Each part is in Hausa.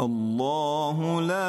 الله لا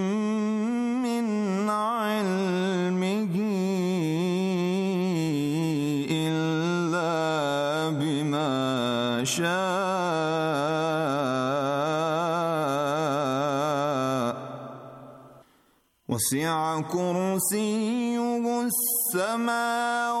وسع كرسيه السماوات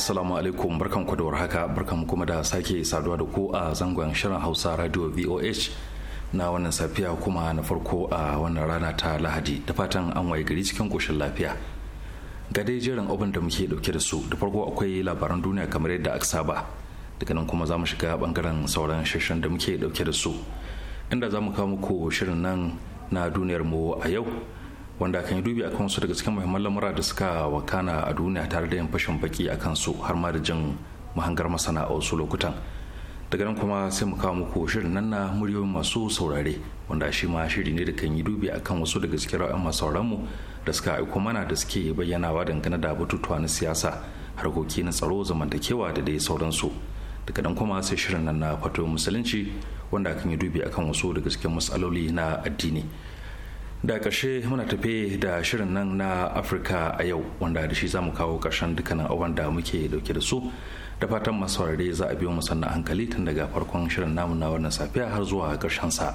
assalamu alaikum barkan ku da warhaka barkan kuma da sake saduwa da ku a zangon shirin hausa radio voh na wannan safiya kuma na farko a wannan rana ta lahadi da fatan an waye gari cikin koshin lafiya ga dai jerin abin da muke dauke da su da farko akwai labaran duniya kamar yadda aka saba daga nan kuma za mu shiga bangaren sauran shirin da muke dauke da su inda za mu kawo muku shirin nan na duniyar mu a yau wanda kan yi dubi akan wasu daga cikin muhimman lamura da suka wakana a duniya tare da yin fashin baki a kansu har ma da jin mahangar masana a wasu lokutan daga nan kuma sai mu kawo muku shirin nan na muryoyin masu saurare wanda shi ma shiri ne da kan yi dubi akan wasu daga cikin ra'ayin masu mu da suka aiko mana da suke bayyanawa dangane da batutuwa na siyasa harkoki na tsaro zamantakewa da dai sauransu daga nan kuma sai shirin nan na fato musulunci wanda kan yi dubi akan wasu daga cikin matsaloli na addini da ƙarshe muna tafe da shirin nan na afirka a yau wanda da shi za mu kawo ƙarshen dukkanin abubuwan da muke dauke da su da fatan masu za a biyo mu sannan hankali tun daga farkon shirin namuna na wannan safiya har zuwa ƙarshen sa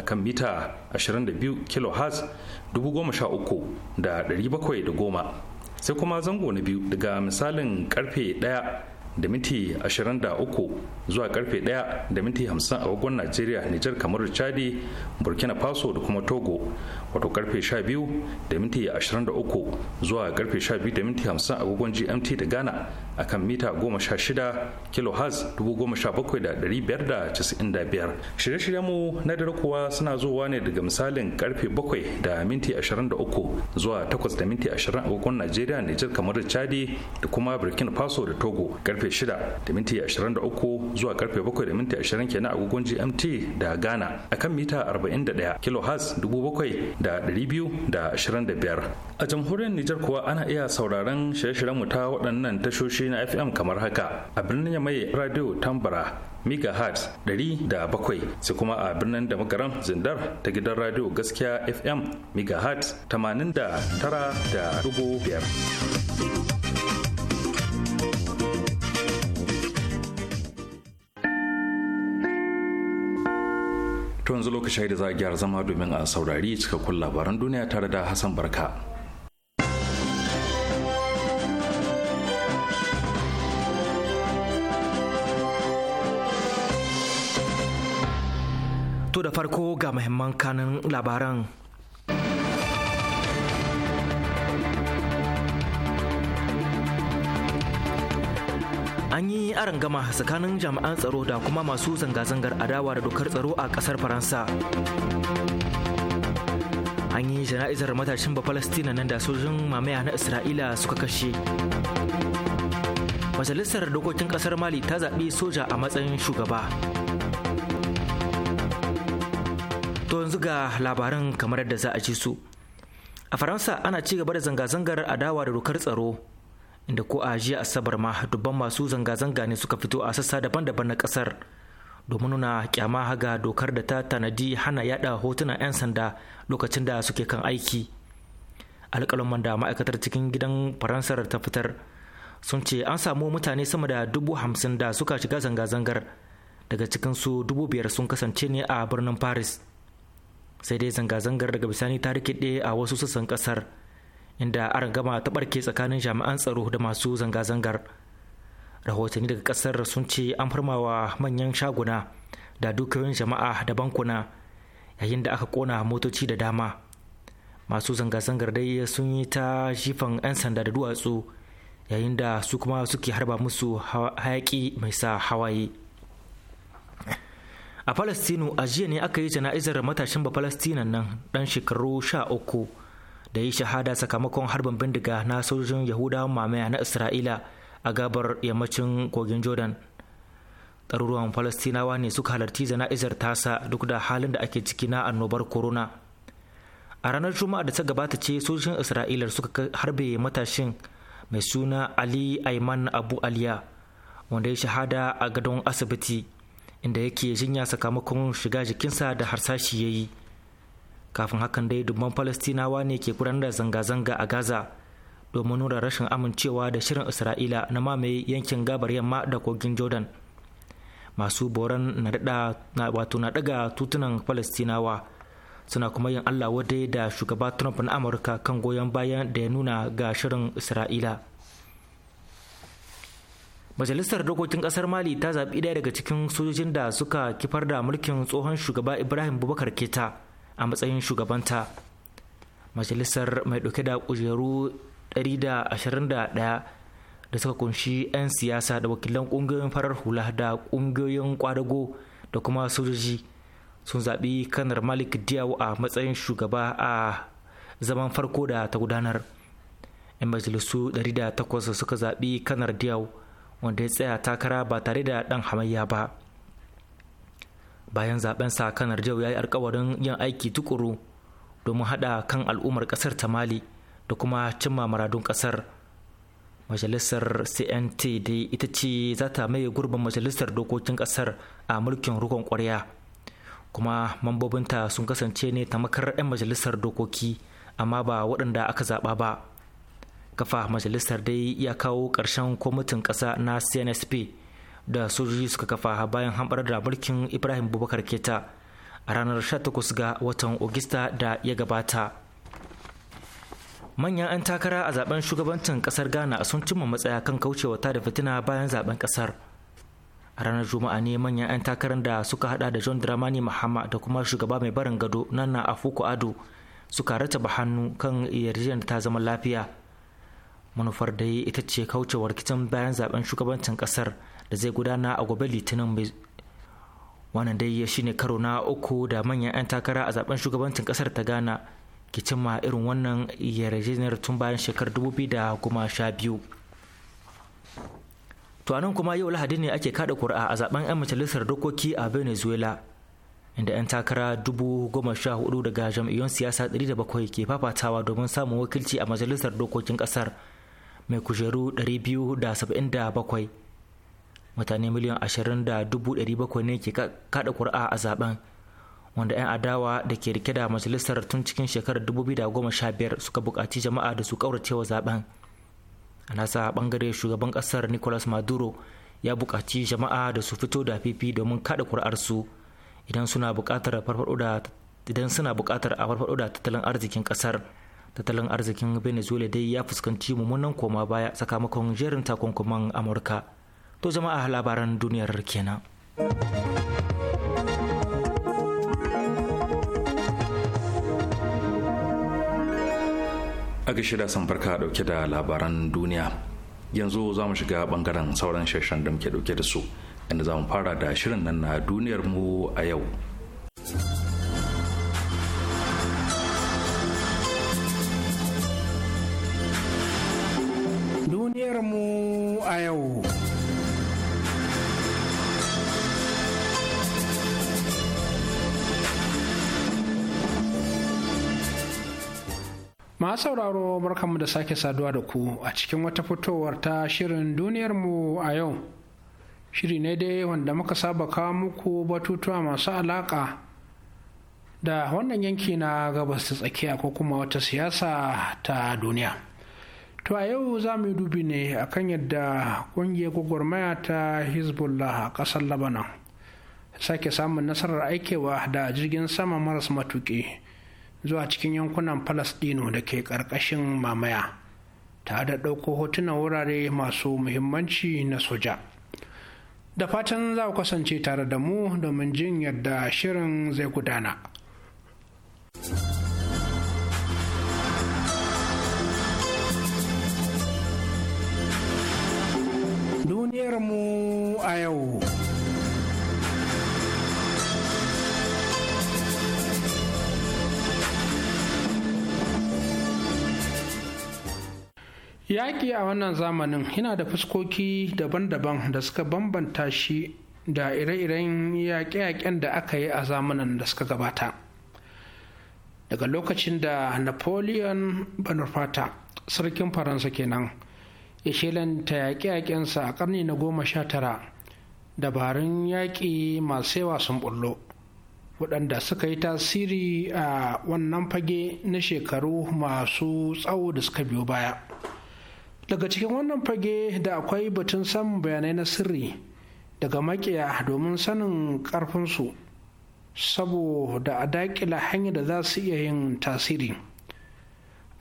a kan mita 22 kHz 13710 sai kuma zango na biyu daga misalin karfe 1 da minti 23 zuwa karfe 1 da minti 50 a wagon Najeriya, Nijar, kamar Chadi, Burkina Faso da kuma Togo wato karfe 12 da minti 23 zuwa karfe 12 da minti 50 agogon gmt da ghana a kan mita 16 kilohertz 17,595 shirye-shiryen mu na dare kuwa suna zuwa ne daga misalin karfe 7 da minti 23 zuwa 8 da minti 20 agogon najeriya nijar kamar da chadi da kuma burkina faso da togo karfe 6 da minti 23 zuwa karfe 7 da minti 20 kenan agogon gmt da ghana a kan mita 41 kilohertz 7,000 da biyu da biyar a jamhuriyar Nijar kuwa ana iya sauraron shirye-shiryen mu ta waɗannan tashoshi na FM kamar haka a birnin mai radio Tambara da bakwai sai kuma a birnin da makaran zindar ta gidan radio gaskiya fm megahertz 89.5 to yanzu lokacin da za a gyara zama domin a saurari cikakkun labaran duniya tare da hassan barka to da farko ga muhimman kanin labaran an yi gama tsakanin jami'an tsaro da kuma masu zanga-zangar adawa da dokar tsaro a kasar faransa an yi jana'izar matashin ba falastina nan da sojin mamaya na isra'ila suka kashe majalisar dokokin ƙasar mali ta zaɓi soja a matsayin shugaba to yanzu ga labaran kamar da za a ji su a faransa ana ci gaba da zanga-zangar adawa da dokar tsaro inda ko a jiya asabar ma dubban masu zanga-zanga ne suka fito a sassa daban-daban na kasar domin nuna kyama ga dokar da ta tanadi hana yada hotunan 'yan sanda lokacin da suke kan aiki alƙalman da ma'aikatar cikin gidan faransar ta fitar sun ce an samu mutane sama da dubu hamsin da suka shiga zanga-zangar daga cikinsu dubu biyar sun kasance ne a birnin paris sai dai zanga-zangar daga bisani ta rikide a wasu sassan kasar inda gama ta barke tsakanin jami'an tsaro da masu zanga-zangar rahotanni daga kasar sun ce an farmawa manyan shaguna da dukiyoyin jama'a da bankuna yayin da aka kona motoci da dama masu zanga-zangar dai sun yi ta jifan 'yan sanda da duwatsu yayin da su kuma suke harba musu hayaki mai sa hawaye a palestinu a jiya ne aka yi jana'izar matashin ba palestinan nan dan shekaru sha uku da yi shahada sakamakon harbin bindiga na sojojin yahudawan mamaya na isra'ila a gabar yammacin kogin jordan ɗaruruwan falastinawa ne suka halarci zana'izar tasa duk da halin da ake ciki na annobar corona a ranar juma'a da ta gabata ce sojojin isra'ila suka harbe matashin mai suna ali aiman abu aliya wanda ya shahada a gadon asibiti inda yake jinya sakamakon shiga jikinsa da harsashi ya yi kafin hakan dai dubban falastinawa ne ke gudanar da zanga-zanga a gaza domin nuna rashin amincewa da shirin isra'ila na mamaye yankin gabar yamma da kogin jordan masu boran na daga tutunan falastinawa suna kuma yin allah wadai da shugaba trump na amurka kan goyon bayan da ya nuna ga shirin isra'ila majalisar dokokin kasar mali ta zaɓi ɗaya daga cikin sojojin da suka kifar da mulkin tsohon shugaba ibrahim bubakar keta a matsayin shugabanta majalisar mai dauke da kujeru 121 da suka kunshi 'yan siyasa da wakilan ƙungiyoyin farar hula da ƙungiyoyin kwadago da kuma sojoji sun zaɓi kanar malik diyawu a matsayin shugaba a zaman farko da ta gudanar 'yan majalisu 108 suka zaɓi kanar diyawu wanda ya tsaya takara ba tare da dan hamayya ba bayan zaben sa kanar jau ya yi alkawarin yin aiki tukuru domin hada kan al'ummar kasar ta mali da kuma cimma maradun kasar majalisar cnt da ita ce za ta maye gurbin majalisar dokokin kasar a mulkin rukon kwarya kuma mambobinta sun kasance ne ta makar 'yan majalisar dokoki amma ba waɗanda aka zaɓa ba kafa majalisar dai ya kawo ƙarshen kwamitin ƙasa na cnsp da sojoji suka kafa bayan hamɓar da mulkin ibrahim bubakar keta a ranar 18 ga watan ogista da ya gabata manyan 'yan takara a zaben shugabancin kasar ghana sun cimma matsaya kan kaucewa ta da fitina bayan zaben kasar a ranar juma'a ne manyan 'yan takarar da suka hada da john dramani mahama da kuma shugaba mai barin gado nana afuku ado suka rataba hannu kan yarjejeniyar ta zama lafiya manufar da ita ce kaucewa rikicin bayan zaben shugabancin kasar da zai gudana a gobe litinin mai wannan dai ya shine karo na uku da manyan 'yan takara a zaben shugabancin kasar ta ghana ke cimma irin wannan yarjejeniyar tun bayan shekarar 2012 biyu anan kuma yau lahadi ne ake kada kura a zaben 'yan majalisar dokoki a venezuela inda 'yan takara dubu goma sha hudu daga jam'iyyun siyasa 700 ke fafatawa domin samun wakilci a majalisar dokokin kasar mai kujeru 277 mutane miliyan ashirin da dubu ɗari bakwai ne ke kaɗa ƙuri'a a zaben wanda 'yan adawa da ke rike da majalisar tun cikin shekarar dubu biyu da goma sha biyar suka buƙaci jama'a da su ƙauracewa zaben a nasa ɓangare shugaban ƙasar nicolas maduro ya buƙaci jama'a da su fito da fifi domin kaɗa ƙuri'arsu idan suna buƙatar idan suna buƙatar a farfaɗo da tattalin arzikin ƙasar tattalin arzikin venezuela dai ya fuskanci mummunan koma baya sakamakon jerin takunkuman amurka to zama a labaran duniyar kenan. aka shirya san farka dauke da labaran duniya yanzu za mu shiga bangaren sauran shashen da muke dauke da su inda za mu fara da shirin nan na duniyar mu a yau duniyar mu a yau Ma sauraro barkanmu da sake saduwa da ku a cikin wata fitowar ta shirin duniyarmu a yau. Shiri ne dai wanda muka saba kawo muku batutuwa masu alaƙa da wannan yanki na gabas ta tsakiya ko kuma wata siyasa ta duniya. To a yau za mu yi dubi ne akan yadda ƙungiyar gwagwarmaya ta Hezbollah a ƙasar Labanan. Sake samun nasarar aikewa da jirgin sama maras matuƙi. zuwa cikin yankunan Falasɗinu da ke ƙarƙashin mamaya ta da ɗauko hotunan wurare masu muhimmanci na soja. Da fatan za ku kasance tare da mu domin jin yadda shirin zai gudana. duniyar mu a yau. yaƙi a wannan zamanin yana da fuskoki daban-daban da suka bambanta shi da ire-iren yaƙe-yaƙen da aka yi a zamanin da suka gabata daga lokacin da napoleon bonaparte sarkin faransa kenan ya shelanta yaƙe-yaƙensa a ƙarni na goma sha tara dabarun yaƙi masu yawa sun bullo waɗanda suka yi tasiri a wannan fage na shekaru masu tsawo da suka biyo baya daga cikin wannan fage da akwai batun samun bayanai na sirri daga makiya domin sanin karfinsu saboda a daƙila hanyar da za su iya yin tasiri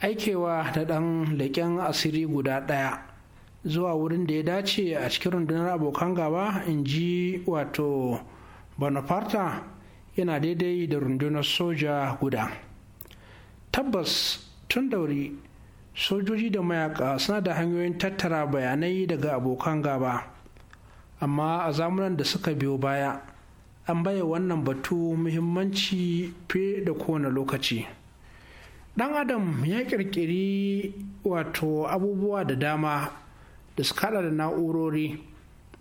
aikewa da ɗan leƙen asiri guda ɗaya zuwa wurin da ya dace a cikin rundunar abokan gaba in ji wato bonaparte yana daidai da rundunar soja guda tabbas tun dauri sojoji da mayaka suna da hanyoyin tattara bayanai daga abokan gaba amma a zamunan da suka biyo baya an baya wannan batu muhimmanci fiye da kowane lokaci dan adam ya kirkiri wato abubuwa da dama da su kada da na'urori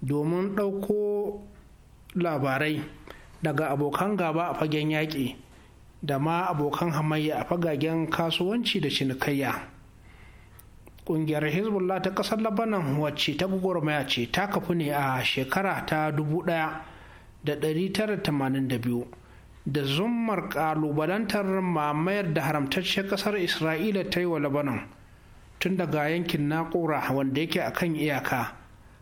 domin ɗauko labarai daga abokan gaba a fagen yaƙi da ma abokan hamayya a fagagen kasuwanci da cinikayya kungiyar hezbollah ta kasar labanan wacce ta gwagwarmaya ce ta kafu ne a shekara ta 1982 da zummar kalubalantar mamayar da haramtacciyar kasar isra'ila ta yi wa labanan tun daga yankin naƙura wanda yake a kan iyaka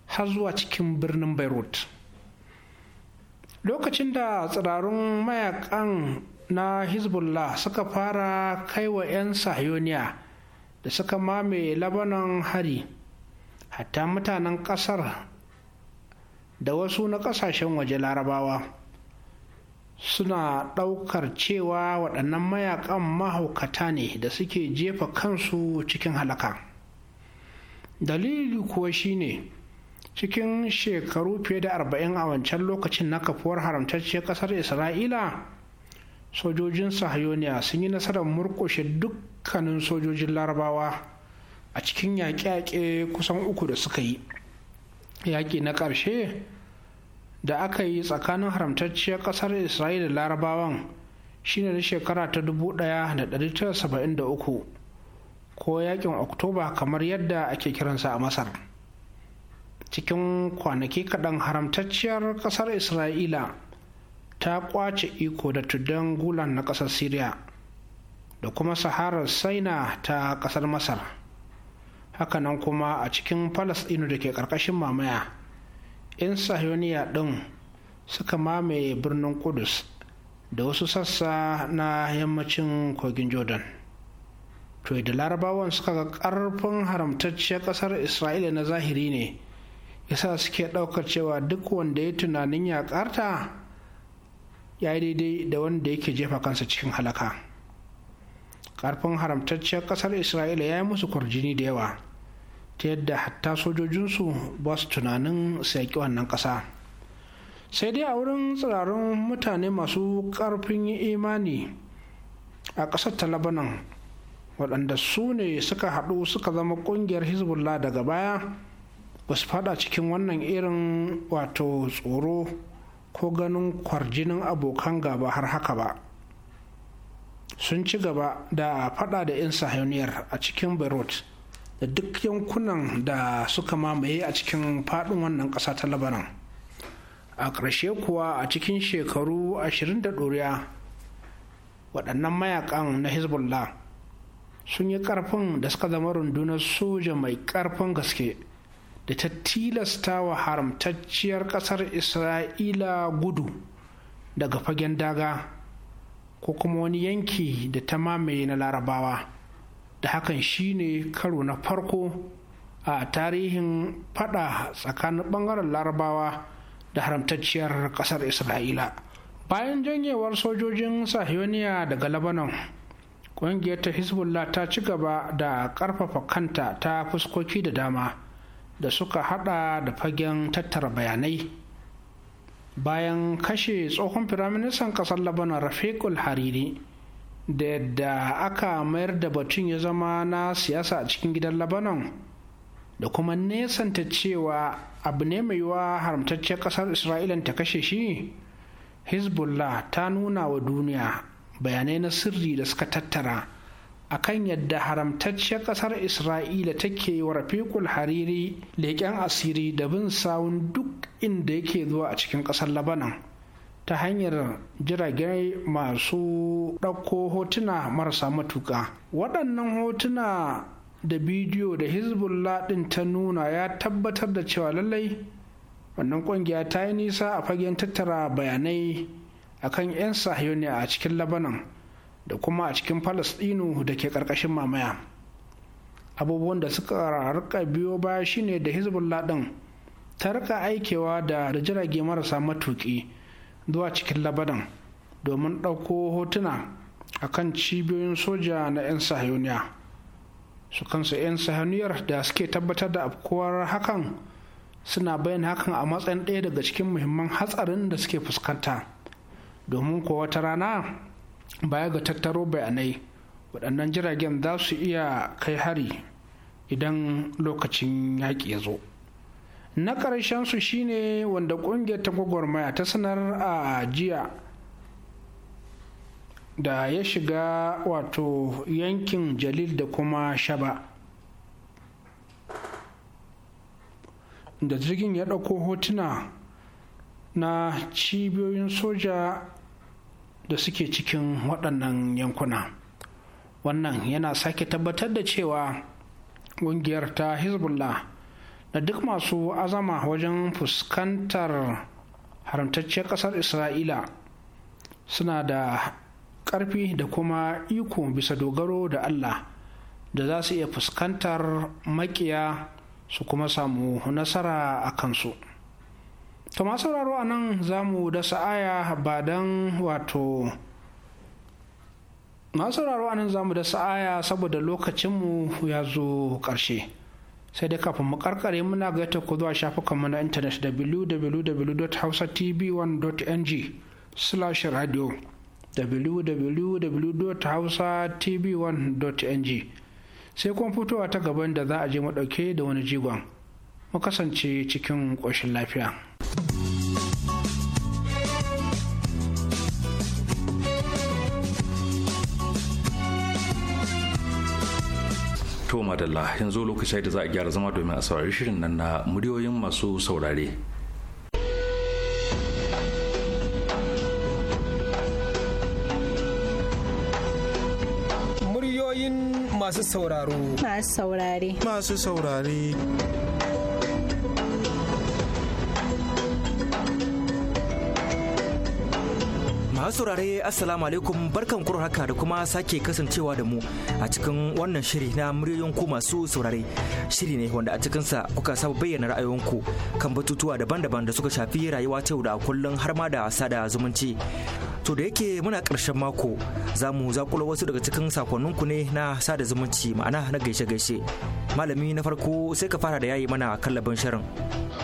har zuwa cikin birnin beirut lokacin da tsirarun mayakan na hezbollah suka fara kaiwa 'yan sahioniya da suka mamaye labanan hari hatta mutanen ƙasar da wasu na kasashen waje larabawa suna ɗaukar cewa waɗannan mayakan mahaukata ne da suke jefa kansu cikin halaka dalili kuwa shine cikin shekaru fiye da arba'in a wancan lokacin na kafuwar haramtacciyar ƙasar isra'ila sojojin sahayoniya sun yi nasarar murƙushe dukkanin sojojin larabawa a cikin yaƙe-yaƙe kusan uku da suka yi yaƙi na ƙarshe da aka yi tsakanin haramtacciyar ƙasar isra'ila da larabawan shine na shekara ta 1973 ko yaƙin oktoba kamar yadda ake kiransa a masar cikin kwanaki kaɗan haramtacciyar ƙasar isra'ila ta kwace iko da tudan gulan na ƙasar syria da kuma saharar saina ta ƙasar masar hakanan kuma a cikin falasɗinu da ke ƙarƙashin mamaya 'yan sahioniya ɗin suka mamaye birnin kudus da wasu sassa na yammacin kogin jordan to da larabawan suka ga ƙarfin haramtacciyar ƙasar isra'ila na zahiri ne yasa suke ɗaukar cewa duk wanda ya tunanin ya yaƙarta ya yi daidai da wanda yake jefa kansa cikin halaka Ƙarfin haramtacciyar ƙasar isra'ila ya yi musu kwarjini da yawa ta yadda hatta sojojinsu ba su tunanin saƙi wannan ƙasa sai dai a wurin tsirarun mutane masu ƙarfin imani a ƙasar ta labanan waɗanda su ne suka haɗu suka zama ƙungiyar hezbollah daga baya ba su fada cikin wannan irin wato tsoro ko ganin kwarjinin abokan gaba har haka ba sun ci gaba da fada da 'yan sahiyoniyar a cikin beirut da duk yankunan da suka mamaye a cikin fadin wannan ƙasa ta labaran. a ƙarshe kuwa a cikin shekaru 20 da ɗoriya waɗannan mayakan na hezbollah sun yi ƙarfin da suka zama rundunar soja mai ƙarfin gaske da ta tilasta wa haramtacciyar ƙasar isra'ila gudu daga fagen daga ko kuma wani yanki da ta mamaye na larabawa da hakan shine karo na farko a tarihin fada tsakanin bangaren larabawa da haramtacciyar ƙasar isra'ila bayan janyewar sojojin sahiyoniya daga labanon ƙungiyar ta hezbollah ta ci gaba da ƙarfafa kanta ta fuskoki da dama da suka hada da fagen tattara bayanai bayan kashe tsohon firaministan kasar labanan rafiqul hariri da yadda aka mayar da batun ya zama na siyasa a cikin gidan labanan da kuma nesanta cewa abu ne mai yiwa haramtacciyar kasar isra'ilan ta kashe shi hezbollah ta nuna wa duniya bayanai na sirri da suka tattara akan yadda haramtacciyar ƙasar isra'ila take wa rafiqul hariri leƙen asiri da bin sawun duk inda yake zuwa a cikin ƙasar labanan ta hanyar jirage masu ɗauko hotuna marasa matuƙa waɗannan hotuna da bidiyo da hezbollah ɗin ta nuna ya tabbatar da cewa lallai wannan ƙungiya ta yi nisa a fagen tattara bayanai akan 'yan sahiyoni a cikin labanan da kuma a cikin falasɗinu da ke ƙarƙashin mamaya abubuwan da suka rarraka biyo baya shine da hezbollah ɗin ta rika aikewa da jirage marasa matuki zuwa cikin labadan domin ɗauko hotuna a kan cibiyoyin soja na 'yan sahiyoniya su kansu 'yan sahiyoniyar da suke tabbatar da afkuwar hakan suna bayan hakan a matsayin ɗaya daga cikin muhimman hatsarin da suke fuskanta domin kowa wata rana baya ga tattaro bayanai waɗannan jiragen za su iya kai hari idan lokacin yaƙi ya zo na su shine wanda ƙungiyar ta gwagwarmaya ta sanar a jiya da ya shiga wato yankin jalil da kuma shaba da jirgin ya ɗauko hotuna na cibiyoyin soja da suke cikin waɗannan yankuna wannan yana sake tabbatar da cewa ƙungiyar ta hezbollah da duk masu azama wajen fuskantar haramtacciyar ƙasar isra'ila suna da ƙarfi da kuma iko bisa dogaro da allah da za su iya fuskantar maƙiya su kuma samu nasara a kansu. to masu sauraro a nan za mu dasa aya ba don wato masu sauraro a nan za mu dasa aya saboda lokacinmu ya zo ƙarshe sai dai kafin mu karkare muna gaita ku zuwa shafukanmu na intanet www.hausatv1.ng slash radio www.hausatv1.ng sai kuma fitowa ta gaban da za a je mu dauke da wani jigon mu kasance cikin ƙoshin lafiya. To madalla yanzu lokacin da za a gyara zama domin a saurari shirin nan na muryoyin masu saurare. Muryoyin masu sauraro. Masu saurare. Masu saurare. Masu saurare Assalamu alaikum barkan kuro haka da kuma sake kasancewa da mu a cikin wannan shiri na muryoyin ku masu saurare. Shiri ne wanda a cikinsa kuka saba bayyana ra'ayoyinku kan batutuwa daban-daban da suka shafi rayuwa ta yau da kullum har ma da sada zumunci. To da yake muna karshen mako za mu zakula wasu daga cikin sakonninku ne na sada zumunci ma'ana na gaishe-gaishe. Malami na farko sai ka fara da yayi mana kallabin shirin.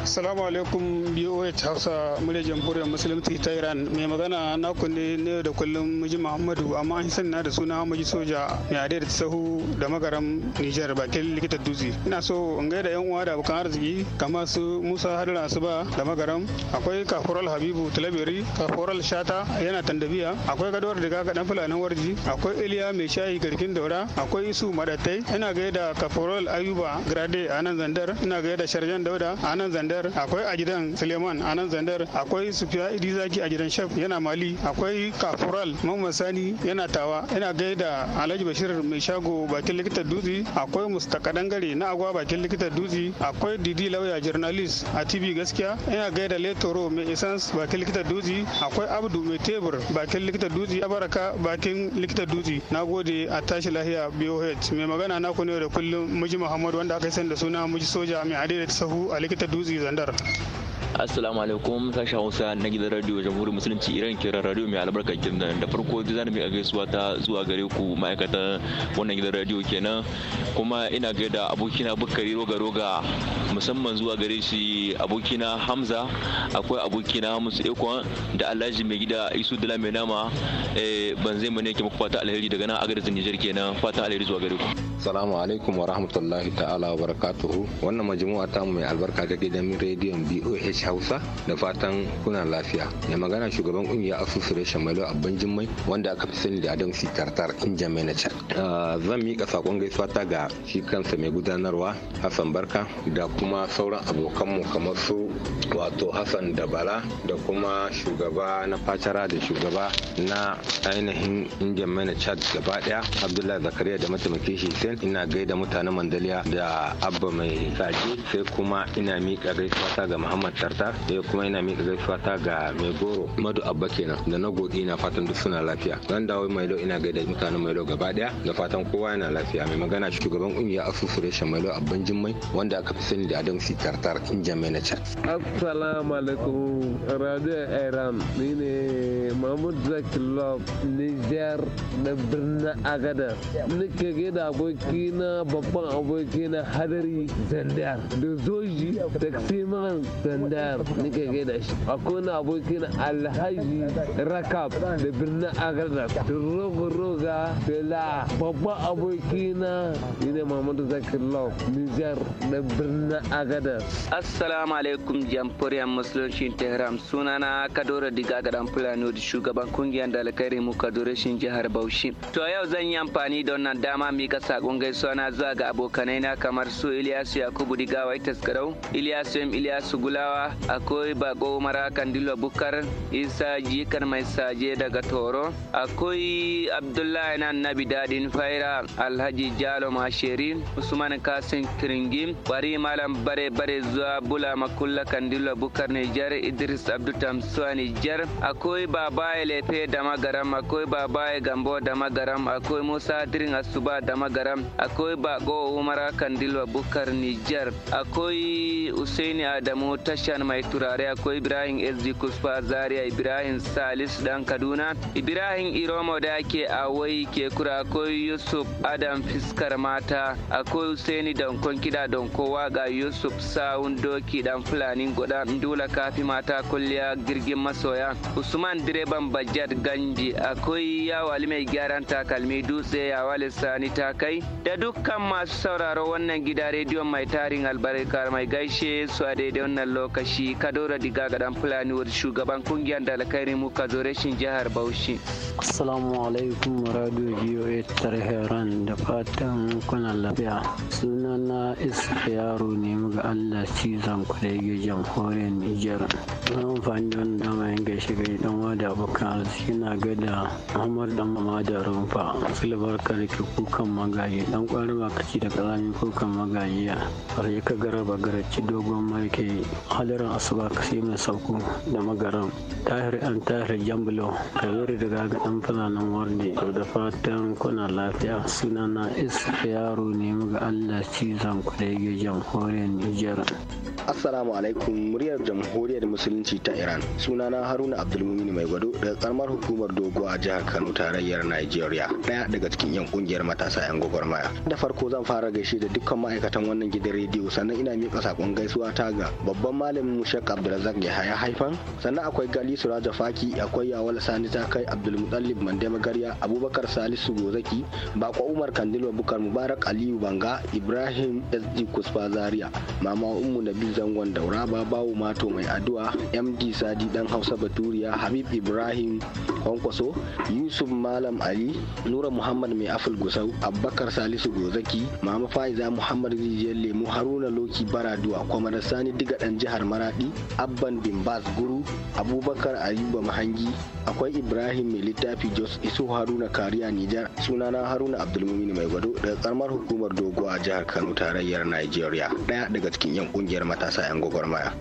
Assalamu alaikum BOH Hausa murya jamhuriyar Musulunci ta Iran mai magana na kunne ne da kullum Miji Muhammadu amma an na da suna Miji Soja mai adai da sahu da magaram Nijar bakin likita dutse. Ina so in gaida yan uwa da abokan arziki kamar su Musa Haruna Asuba da magaram akwai Kafural Habibu Talabiri Kafural Shata yana tandabiya akwai gadowar da ga dan fulanin warji akwai iliya mai shayi garkin daura akwai isu madattai ina gaida kaforol ayuba grade a nan zandar ina da sharjan dauda a nan zandar akwai ajidan suleiman a nan zandar akwai sufiya idizaki a gidan shaf yana mali akwai kaforal mamman sani yana tawa ina gaida alhaji bashir mai shago bakin likitar dutse akwai mustakadan gare na agwa bakin likitar dutse akwai didi lauya journalist a tv gaskiya ina gaida letoro mai essence bakin likitar dutse akwai abdu mai tebur bakin likita dutse ya baraka bakin likita dutse na gode a tashi lahiya boh mai magana na ku ne da kullum muji muhammadu wanda aka yi da suna muji soja mai adai da sahu a likita dutse zandar assalamu alaikum sashen hausa na gidan radio jamhuriyar musulunci iran kiran radio mai albarka kiran da farko zan mai gaisuwa ta zuwa gare ku ma'aikatan wannan gidan radio kenan kuma ina gaida abokina bukari roga roga musamman zuwa gare shi abokina hamza akwai abokina Musa ikon da alhaji mai gida isu dala mai nama eh, ban zai mane ki muku fata alheri daga nan agadar Niger kenan fata alheri zuwa gare ku Assalamu alaikum wa rahmatullahi ta'ala wa barakatuhu wannan majmu'a ta mai albarka ta gidan rediyon boh Hausa da fatan kuna lafiya. Mai magana shugaban kungiyar asusu reshen Malo Abban Jummai wanda aka fi sani da Adam si Tartar injin Manager. Ah, zan miƙa saƙon gaisuwa ta ga shi kansa mai gudanarwa Hassan Barka da kuma sauran abokanmu kamar su wato Hassan da Bala da kuma shugaba na Fatara da shugaba na ainihin injin Manager gaba ɗaya Abdullahi Zakariya da mataimakin shi ina gaida mutanen Mandaliya da Abba mai kaji sai kuma ina miƙa gaisuwa ta ga Muhammad nagarta da eh, kuma ina mika gaisuwa ta ga mai goro madu abba kenan da na godi ina fatan duk suna lafiya zan dawo mai lo ina gaida mutanen lo gaba daya da fatan kowa yana lafiya mai magana shugaban kungiya mai lo abban jimmai wanda aka fi sani da adam si tartar in jami'a na chat assalamu alaikum radio iran ni ne mahmud zaki love niger da birnin agada nake gaida abokina babban aboki na hadari zandar da zoji taksiman zandar yayar nike gaida shi akwai na abokin alhaji rakab da birnin agarda rogo roga fela babban abokina ne mamadu zakir nijar da birnin agadar assalamu alaikum jamhuriyar musulunci tehran sunana kadora diga dan fulani da shugaban kungiyar da mu kadore shin jihar bauchi to yau zan yi amfani da wannan dama ka sakon gaisuwa na zuwa ga abokanai na kamar su iliyasu yakubu digawa itas garau iliyasu yam iliyasu gulawa akwai Bako Marakan Dilo Bukar Isa Jikar Mai Saje daga Toro akwai Abdullahi Nan Nabi Dadin Faira Alhaji Jalo mashiri Usman kasin Kiringi, Bari Malam Bare Bare zuwa Bula Makulla Kandilo Bukar Nijar Idris Abdu Tamsuwa Nijar akwai Babaye Lefe da Magaram akwai Babaye Gambo da Magaram akwai Musa Dirin Asuba da Magaram akwai Bako Umara Kandilo Bukar Nijar akwai Usaini Adamu Tashan mai turare akwai Ibrahim sg kuspa Zaria Ibrahim Salisu dan Kaduna Ibrahim Iromo da ke awai ke kura akwai Yusuf Adam Fiskar Mata akwai Husaini Dankon Kida Danko Waga Yusuf Sawun Doki Dan Fulani Goda Ndula Kafi Mata Kulliya Girgin Masoya Usman Direban Bajad Ganji akwai Yawali mai gyaran takalmi Dutse Yawali Sani Takai da dukkan masu sauraro wannan gida rediyon mai tarin albarkar mai gaishe su a daidai wannan lokaci malumfashi kadora diga ga dan fulaniwar shugaban kungiyar dalakairi muka zo rashin jihar bauchi assalamu alaikum radio voa tarheran da fatan kuna lafiya sunana yaro ne muga allah cizon kwalege jamhuriyar niger na amfani da wani dama yin gaishe gai dan wada abokan arziki na gada hamar dan mama da rumfa silbar karki kukan magaji dan kwarba kaci da kalamin kukan har yi ka gara garaci dogon marke hal bangaren asuba kasi mai sauko da magaram tahir an tahir jambulo kabiru daga ga dan fulanin warne to da fatan kuna lafiya suna na isa yaro ne ga allah cizon yake jamhuriyar niger assalamu alaikum muryar jamhuriyar musulunci ta iran sunana haruna abdulmumin mai gwado daga karamar hukumar dogo a jihar kano tarayyar nigeria daya daga cikin yan kungiyar matasa yan gwagwarmaya da farko zan fara gaishe da dukkan ma'aikatan wannan gidan rediyo sannan ina miƙa saƙon gaisuwa ta ga babban malam ibrahim shek abdulrazak yahaya haifan sannan akwai gali suraja faki akwai yawal sani takai kai abdulmutallib mande magarya abubakar salisu gozaki bako umar kandil bukar mubarak aliyu banga ibrahim sd kusfa zaria mama ummu nabi zangon daura babawo mato mai adu'a md sadi dan hausa baturiya habib ibrahim kwankwaso yusuf malam ali nura muhammad mai afil gusau abubakar salisu gozaki mama faiza muhammad rijiyar lemu haruna loki baraduwa kwamar sani diga dan jihar maradi abban bimbas guru abubakar ayuba mahangi akwai ibrahim mai littafi jos iso haruna kariya nijar sunana haruna abdulmumin mai gwado daga karamar hukumar doguwa a jihar kano tarayyar nigeria daya daga cikin yan ƙungiyar matasa yan gwagwarmaya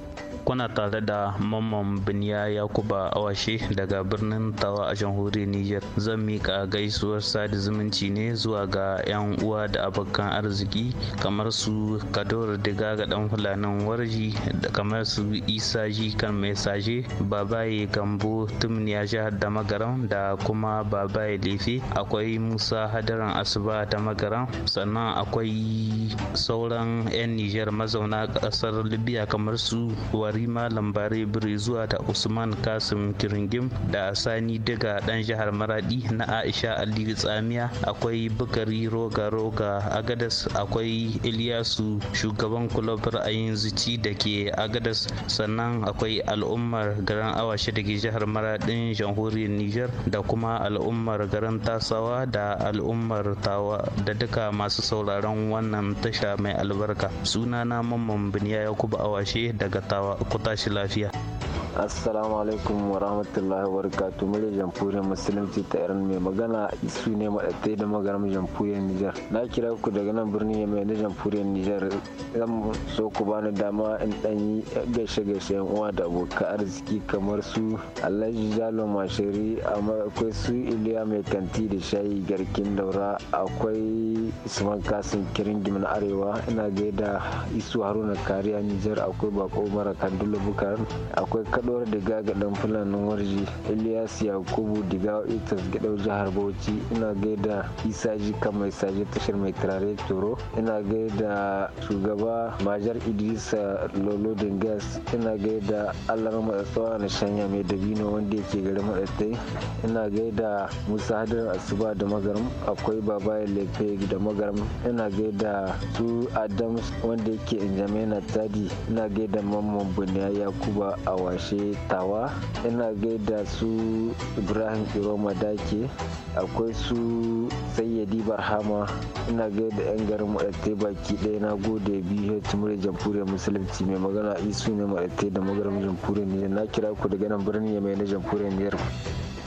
kuna tare da mamman biniya yakuba awashe daga birnin tawa a jamhuriyar niger zan mika gaisuwar sada zumunci ne zuwa ga 'yan uwa da abokan arziki kamar su kador diga ga dan fulanin warji da kamar su isa ji kan mai saje babaye gambo tumniya jihar da magaran da kuma babaye lefe akwai musa hadaran asuba da magaran sannan akwai sauran 'yan niger mazauna kasar libya kamar su wa Bari Lambare Bire zuwa da Usman Kasim Kiringim da Sani daga dan jihar Maradi na Aisha Ali Tsamiya akwai Bukari Roga Roga Agadas akwai Ilyasu shugaban kulob ra'ayin zici da ke Agadas sannan akwai al'ummar garin Awashe da ke jihar Maradin jamhuriyar Nijar da kuma al'ummar garin Tasawa da al'ummar Tawa da duka masu sauraron wannan tasha mai albarka sunana Mamman Biniya Yakubu Awashe daga Tawa ku tashi lafiya assalamu alaikum wa rahmatullahi wa barakatuh murya jamhuriyar musulunci ta irin mai magana isu ne maɗaɗai da magaram jamhuriyar nijar na kira ku daga nan birnin yamma na jamhuriyar nijar zan so ku bani dama in ɗan yi gaishe gaishe yan uwa da abokan arziki kamar su alhaji jalo mashiri akwai su iliya mai kanti da shayi garkin daura akwai usman kasim Kirin na arewa ina gaida isu haruna kariya nijar akwai bako mara andulu bukar akwai kadowar diga ga fulanin warji Elias yakubu diga itas gaɗau jihar bauchi ina gaida isa jika mai saje tashar mai turare turo ina gaida shugaba majar idrisa lolo dingas ina gaida allah tsawa na shanya mai dabino wanda yake garin madatai ina gaida musa hadar asuba da magaram akwai babaye lefe da magaram ina gaida su adams wanda yake injamena tadi ina gaida mamman buniya yakuba a washe tawa ina gaida su ibrahim iroma dake akwai su sayyadi barhama ina gaida yan garin maɗatai baki ɗaya na gode biyu tumure jamhuriyar musulunci mai magana isu ne maɗatai da magaram jamhuriyar Niyar na kira ku daga nan birnin yamai na jamhuriyar Niyar.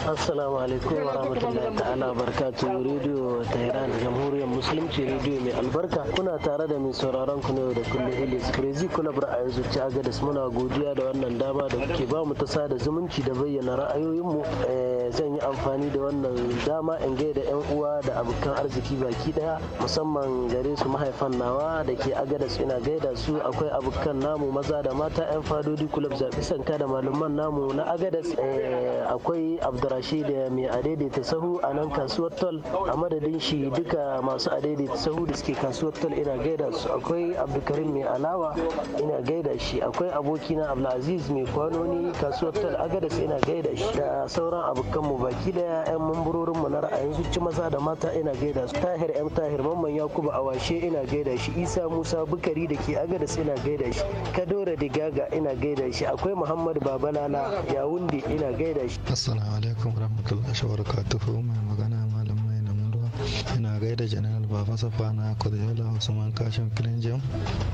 assalamu alaikum wa rahmatullahi ta'ala barkatu rediyo ta iran jamhuriyar musulunci rediyo mai albarka kuna tare da mai sauraron ku yau da kullum ilis crazy kulabar a yanzu ci agadas muna godiya da wannan dama da kuke ba mu ta sada zumunci da bayyana ra'ayoyinmu eh, zan yi amfani da wannan dama in gaida yan uwa da abokan arziki baki daya musamman gare su mahaifan nawa da ke agadas ina gaida su akwai abokan namu maza da mata yan fadodi kulab zaɓi sanka da malaman namu na agadas eh, akwai abdul farashi da eh, mai adaidaita sahu a nan kasuwar Tol a madadin shi duka masu adaidaita sahu da suke kasuwar Tol ina gaida su akwai Abdulkarim mai alawa ina gaida shi akwai abokina Abdulaziz mai kwanoni kasuwar Tol Agadas ina gaida shi da sauran abokan mu baki da yan mamburorin mu na ra'ayin zuci maza da mata ina gaida su Tahir M Tahir Mamman Yakubu Awashe ina gaida shi Isa Musa Bukari da ke Agadas ina gaida shi Kadora Digaga ina gaida shi akwai Muhammad Babalala Yawunde ina gaida shi Assalamu alaikum alaikum warahmatullahi wabarakatuhu mai magana malam mai na murwa ina gaida general baba safana kudayola usman kashin filinjin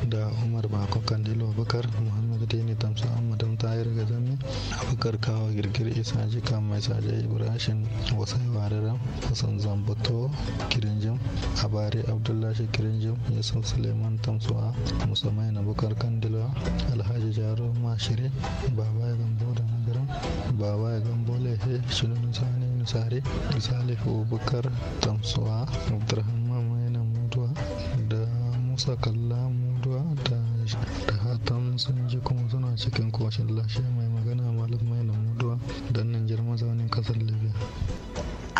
da umar bako kandilo bakar muhammad dini tamsa amadan tayar gazami abubakar kawo girgir isa jika mai saje ibrahim wasai wararen hassan zambato kirinjin abari abdullahi kirinjin yusuf suleiman tamsuwa musamman abubakar kandilo alhaji jaro mashiri baba ya gambo da magaram baba ya gambole he na sare nusare salih abubakar tamsuwa abdurrahman na mutuwa da musa kalla mutuwa da hatan sun ji kuma suna cikin koshin lashe mai magana malam maina mutuwa don nan jirma zaunin kasar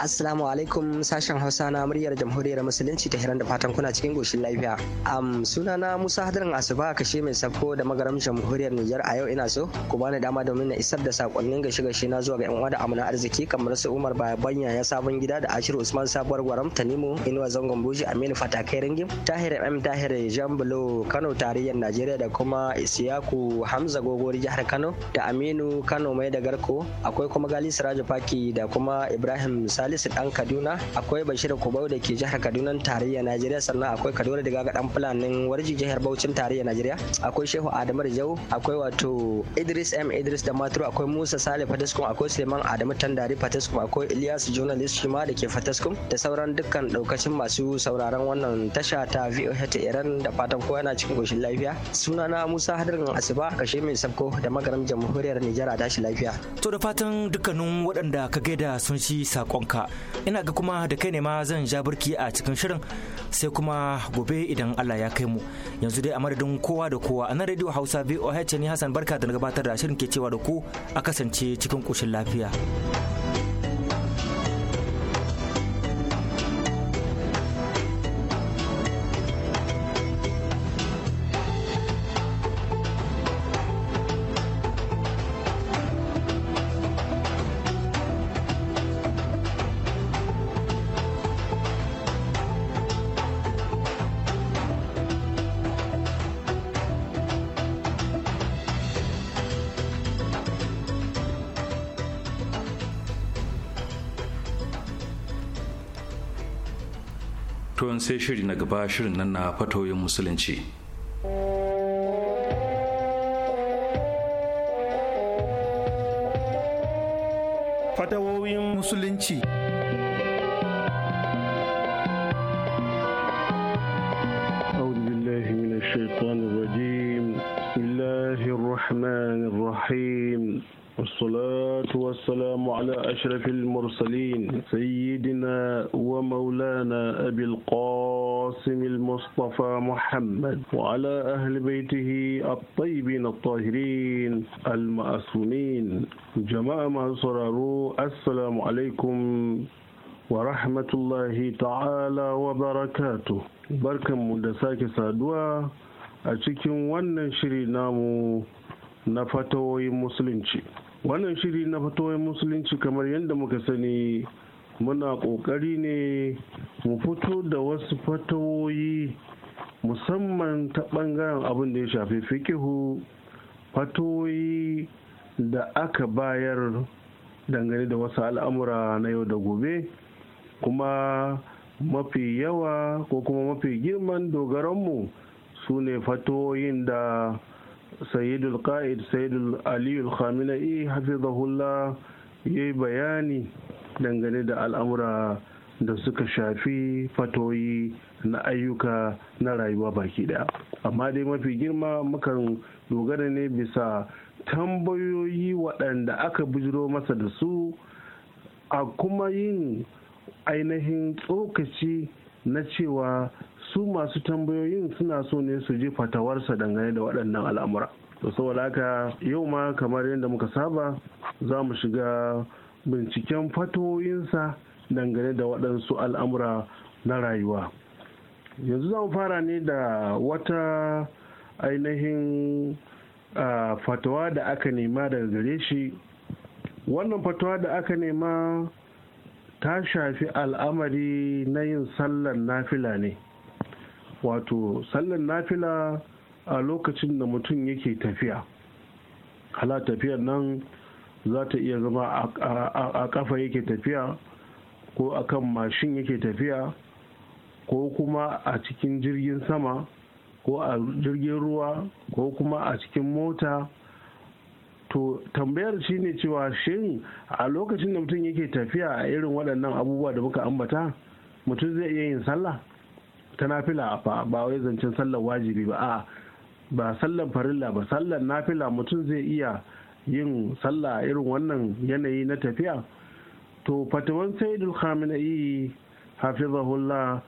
Assalamu alaikum sashen Hausa na muryar Jamhuriyar Musulunci ta Hiran da fatan kuna cikin goshin lafiya. Am suna na Musa Hadarin Asuba kashe mai sako da magaram Jamhuriyar Nijar a yau ina so ku bani dama domin na isar da sakonnin gashi gashi na zuwa ga yan uwa da amana arziki kamar su Umar Banya ya sabon gida da Ashir Usman Sabuwar Gwaram Tanimu Inuwa Zangon Buji Aminu Fatakai Ringim Tahir M Tahir bulo Kano tarayyar Najeriya da kuma Isiyaku Hamza Gogori jihar Kano da Aminu Kano mai da Garko akwai kuma Gali Siraji Faki da kuma Ibrahim Sali salisu dan kaduna akwai bashir kubau da ke jihar kaduna tarayya najeriya sannan akwai kaduna da gaga dan fulanin warji jihar bauchin tarayya najeriya akwai shehu adamu jau akwai wato idris m idris da maturu akwai musa sale fataskum akwai suleiman adamu tandari fataskum akwai ilyas journalist ma da ke fataskum da sauran dukkan daukacin masu sauraron wannan tasha ta voh ta iran da fatan kowa yana cikin koshin lafiya sunana musa Hadirin Asiba kashe mai sabko da magaram jamhuriyar nijar a tashi lafiya to da fatan dukkanin waɗanda ka gaida sun ci sakonka haka ina ga kuma da kai ne ma zan ja birki a cikin shirin sai kuma gobe idan Allah ya kai mu yanzu dai a madadin kowa da kowa a nan radio hausa voh ne hassan barka da na gabatar da shirin ke cewa da ku a kasance cikin koshin lafiya sai shiri na gaba shirin nan na fatoyin musulunci masumin jama'a masu sauraro assalamu alaikum wa rahmatullahi ta'ala wa barakatu barkanmu da sake saduwa a cikin wannan shiri namu na fatawoyin musulunci wannan shiri na fatawoyin musulunci kamar yadda muka sani muna ƙoƙari ne mu fito da wasu fatawoyi musamman ta ɓangaren abin da ya shafi fikihu fatoyi da aka bayar dangane da wasu al'amura na yau da gobe kuma mafi yawa ko kuma mafi girman dogaranmu su ne fatoyin da sayyidul qa'id sayyidul aliyul khamina'i hafizahullah ya yi bayani dangane da al'amura da suka shafi fatoyi na ayyuka na rayuwa baki daya amma dai mafi girma mukan dogara ne bisa tambayoyi waɗanda aka bijiro masa da su a kuma yin ainihin tsokaci na cewa su masu tambayoyin suna so ne su ji fatawarsa dangane da waɗannan al'amura saboda haka yau ma kamar yadda muka saba za mu shiga binciken fatoyinsa dangane da waɗansu al'amura na rayuwa yanzu za mu fara ne da wata ainihin fatawa da aka nema daga gare shi wannan fatawa da aka nema ta shafi al'amari na yin sallar nafila ne wato sallar nafila a lokacin da mutum yake tafiya hala tafiyar nan za ta iya zama a kafa yake tafiya ko kan mashin yake tafiya ko kuma a cikin jirgin sama ko a jirgin ruwa ko kuma a cikin mota to tambayar shi ne cewa shin a lokacin da mutum yake tafiya a irin waɗannan abubuwa da muka ambata mutum zai iya yin sallah ta nafila a ba wai zancen sallar wajibi ba a ba sallar farilla ba sallar nafila mutum zai iya yin sallah irin wannan yanayi na tafiya to fatawan saidul khamenei hafizahullah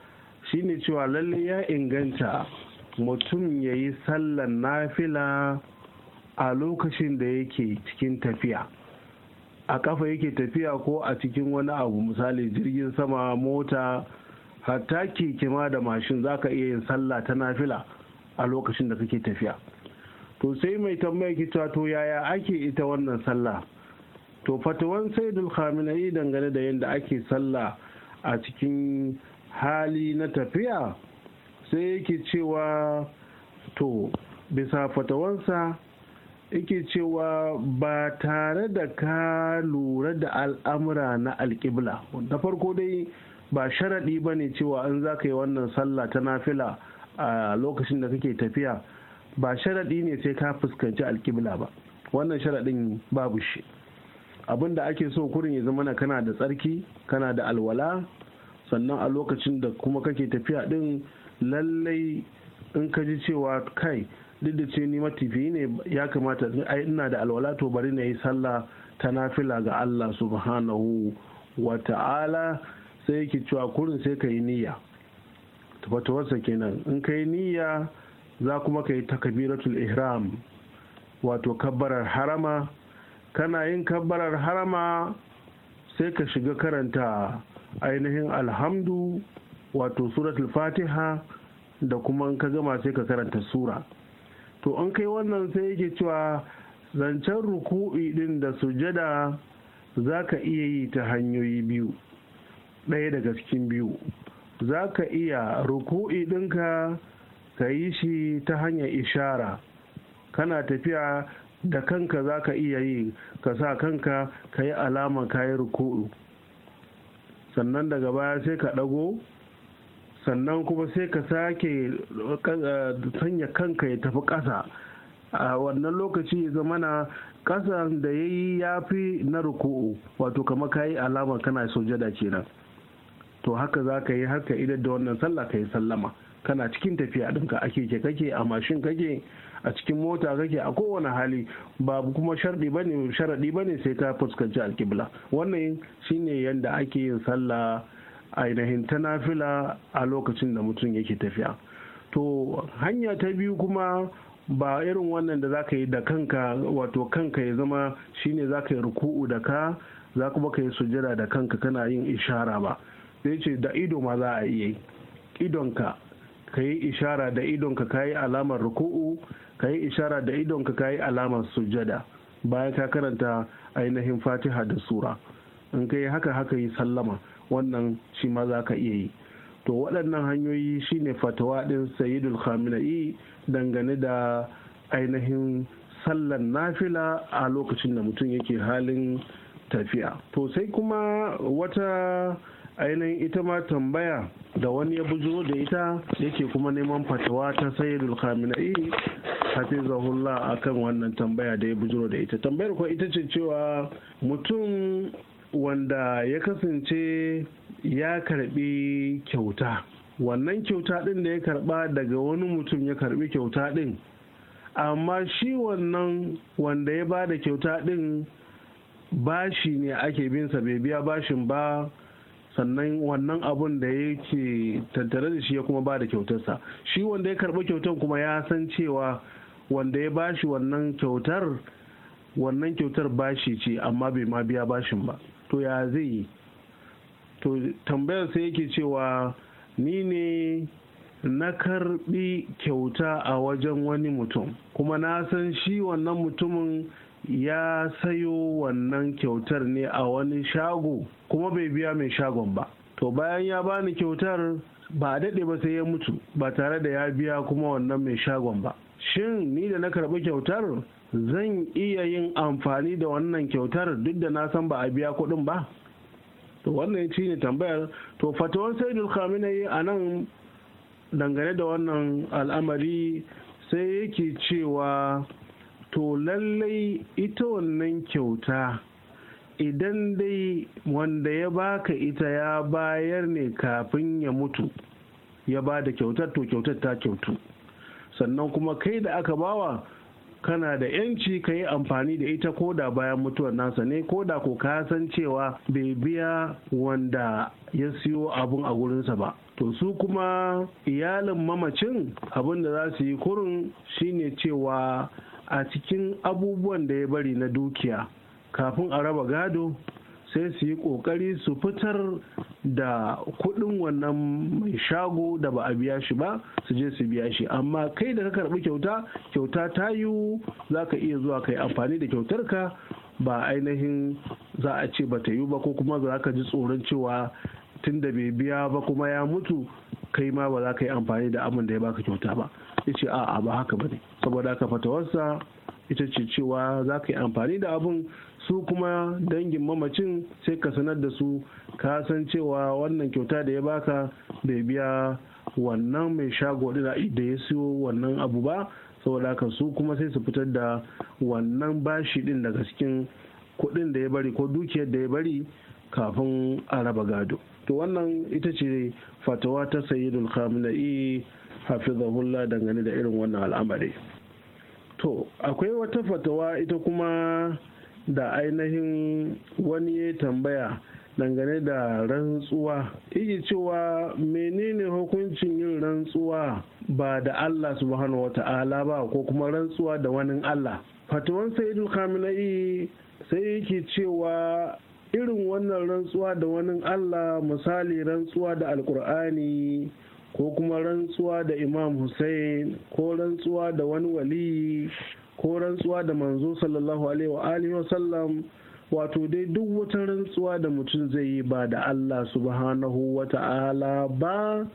shine cewa lalle ya inganta mutum ya yi sallan nafila a lokacin da yake cikin tafiya a kafa yake tafiya ko a cikin wani abu misali jirgin sama mota hatta keke ma da mashin za ka iya yin sallah ta nafila a lokacin da kake tafiya to sai mai tambaya ki to yaya ake ita wannan sallah to fatawan saidul khamenei dangane da yadda ake sallah a cikin hali na tafiya sai yake cewa to bisa fatawansa yake cewa ba tare da ka lura da al'amura na alƙibla na farko dai ba sharaɗi ba ne cewa an za ka yi wannan sallah ta nafila a lokacin da kake tafiya ba sharaɗi ne sai ka fuskanci alƙibla ba wannan sharaɗin babu shi abin da ake so kurin ya zama na kana da tsarki kana da alwala sannan a lokacin da kuma kake tafiya ɗin lallai in ka ji cewa kai duk da ce ni matifi ne ya kamata ai ina da alwala to bari na yi sallah ta nafila ga Allah subhanahu wa ta'ala sai yake cewa kurin sai ka yi niyya fatawarsa kenan in ka yi niyya za kuma ka yi takabiratul ihram wato kabbarar harama kana yin kabbarar harama sai ka shiga karanta ainihin alhamdu wato suratul fatiha da kuma ka gama sai ka karanta sura to an kai wannan sai yake cewa zancen ruku'i din da sujada za ka iya yi ta hanyoyi biyu ɗaya daga cikin biyu za ka iya ruku'i ɗinka ka yi shi ta hanyar ishara kana tafiya da kanka za ka iya yi ka sa kanka ka yi alama ka yi ruku'u sannan daga baya sai ka ɗago sannan kuma sai ka sake eh, sanya kanka ya tafi kasa a wannan lokaci ya na ƙasan da ya yi ya fi na ruku'u wato kama ka yi alama kana sujada kenan to haka za ka yi haka idan da wannan sallah ka yi sallama kana cikin tafiya ɗinka a keke kake a mashin kake a cikin mota kake a kowane hali ba kuma sharɗi ba ne sharaɗi ba ne sai ka fuskanci alƙibla wannan shine yadda ake yin sallah ainihin ta nafila a lokacin da mutum yake tafiya to hanya ta biyu kuma ba irin wannan da zaka yi da kanka wato kanka ya zama shine zaka yi ruku'u da ka za kuma ka yi sujada da kanka kana yin ishara ba sai ce da ido ma za a iya idonka ka yi ishara da idonka ka yi alamar ruku'u ka yi ishara da idonka ka yi alamar sujada bayan ka karanta ainihin fatiha da sura in ka yi haka haka yi sallama wannan shi ma za ka iya yi to waɗannan hanyoyi shine fatawa ɗin sayidul kaminai, dangane da ainihin sallan nafila a lokacin da mutum yake halin tafiya to sai kuma wata ainihin ita ma tambaya da wani ya bujo da ita yake kuma neman fatawa ta sayidul sayyidul khamenei a akan wannan tambaya da ya bujo da ita tambayar ita ce cewa mutum wanda ya kasance ya karbi kyauta wannan kyauta ɗin da ya karba daga wani mutum ya karbi kyauta ɗin amma shi wannan wanda ya ba da kyauta ɗin bashi ne ake sa bai biya bashin ba sannan wannan abun da yake tattare da shi ya kuma ba da kyautarsa shi wanda ya karɓi kyautar kuma ya san cewa wanda ya bashi wannan kyautar wannan kyautar bashi ce amma bai ma biya bashin ba to ya zai yi to tambayar sai yake cewa ni ne na karbi kyauta a wajen wani mutum kuma na san shi wannan mutumin ya sayo wannan kyautar ne a wani shago kuma bai biya mai shagon ba to bayan ya bani kyautar ba a daɗe ba sai ya mutu ba tare da ya biya kuma wannan mai shagon ba shin ni da na karɓi kyautar zan iya yin amfani da wannan kyautar duk da na san ba a biya kuɗin ba to wannan shi ne tambayar to fatawar saidul khamenei a nan dangane da wannan al'amari sai yake cewa to lallai ita wannan kyauta idan dai wanda ya baka ita ya bayar ne kafin ya mutu ya ba da kyautar to kyautar ta kyautu sannan kuma kai da aka bawa kana da yanci ka yi amfani da ita ko da bayan mutuwar nasa ne ko da ko ka san cewa bai biya wanda ya siyo abun a gurinsa ba to su kuma iyalin mamacin abin da za su yi kurin shine cewa a cikin abubuwan da ya bari na dukiya kafin a raba gado sai su yi ƙoƙari su fitar da kuɗin wannan mai shago da ba a biya shi ba su je su biya shi amma kai da ka karɓi kyauta kyauta ta yiwu za ka iya zuwa ka yi amfani da kyautar ka ba ainihin za a ce ba ta yiwu ba ko kuma za ka ji tsoron cewa tun da bai biya ba kuma ya mutu kai ma ba za ka yi amfani da abin da ya baka kyauta ba ya ce a'a ba haka ba ne saboda haka fatawarsa ita ce cewa za ka yi amfani da abun su kuma dangin mamacin sai ka sanar da su ka san cewa wannan kyauta da ya baka bai biya wannan mai shago da ya siyo wannan abu ba saboda haka su kuma sai su fitar da wannan bashi din daga cikin kuɗin da ya bari ko dukiyar da ya bari kafin a raba gado to wannan ita ce fatawa ta sayyidul khamenei hafizahullah dangane da irin wannan al'amari to akwai wata fatawa ita kuma da ainihin wani ya tambaya dangane da rantsuwa Iji cewa menene hukuncin yin rantsuwa ba da Allah subhanahu wa ta'ala ba ko kuma rantsuwa da wani Allah fatawan sayyidul khamenei sai yake cewa irin wannan rantsuwa da wani Allah misali rantsuwa da alkur'ani ko kuma rantsuwa da imam Hussain, ko rantsuwa da wani wali, ko rantsuwa da manzo sallallahu alaihi wa sallam wato dai duk wata rantsuwa da mutum zai yi ba da allah subhanahu wa ta'ala ba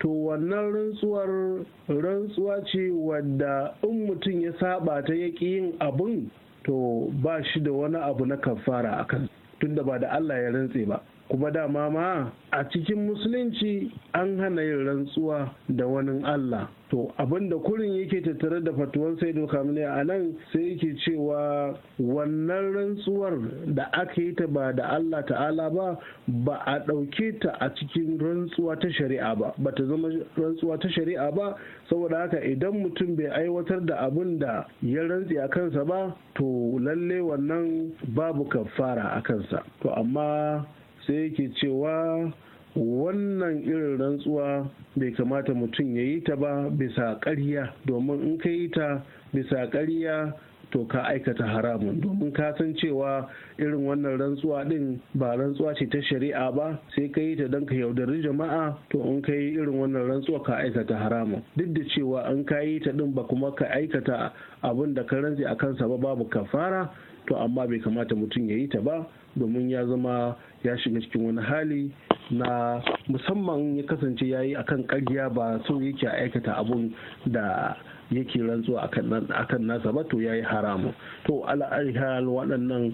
to wannan rantsuwar rantsuwa ce wadda in mutum ya saba ta yaki yin abin to ba shi da wani abu na kafara akan tunda ba da allah ya rantse ba kuma dama ma a cikin musulunci an hana yin rantsuwa da wani Allah to abinda kurin yake tattare da fatuwar sai doka a nan sai yake cewa wannan rantsuwar da aka yi ta ba da Allah ta'ala ba ba a ɗauke ta a cikin rantsuwa ta shari'a ba ba ta zama rantsuwa ta shari'a ba saboda haka idan mutum bai aiwatar da abin da ya rantsi a kansa ba to lalle wannan babu kafara a kansa to amma sai yake cewa wannan irin rantsuwa bai kamata mutum ya yi ta ba bisa ƙarya domin in ka yi ta bisa ƙarya to ka aikata haramun domin ka san cewa irin wannan rantsuwa din ba rantsuwa ce ta shari'a ba sai ka yi ta don ka yaudari jama'a to in ka yi irin wannan rantsuwa ka aikata haramun duk da cewa in ka yi ta din ba kuma ka aikata abin da ka rantsi a kansa ba babu kafara to amma bai kamata mutum ya yi ta ba domin ya zama ya shiga cikin wani hali na musamman ya kasance ya yi akan karya ba so yake aikata abun da yake rantsuwa akan nasa ba to ya yi haramu to al'arihal waɗannan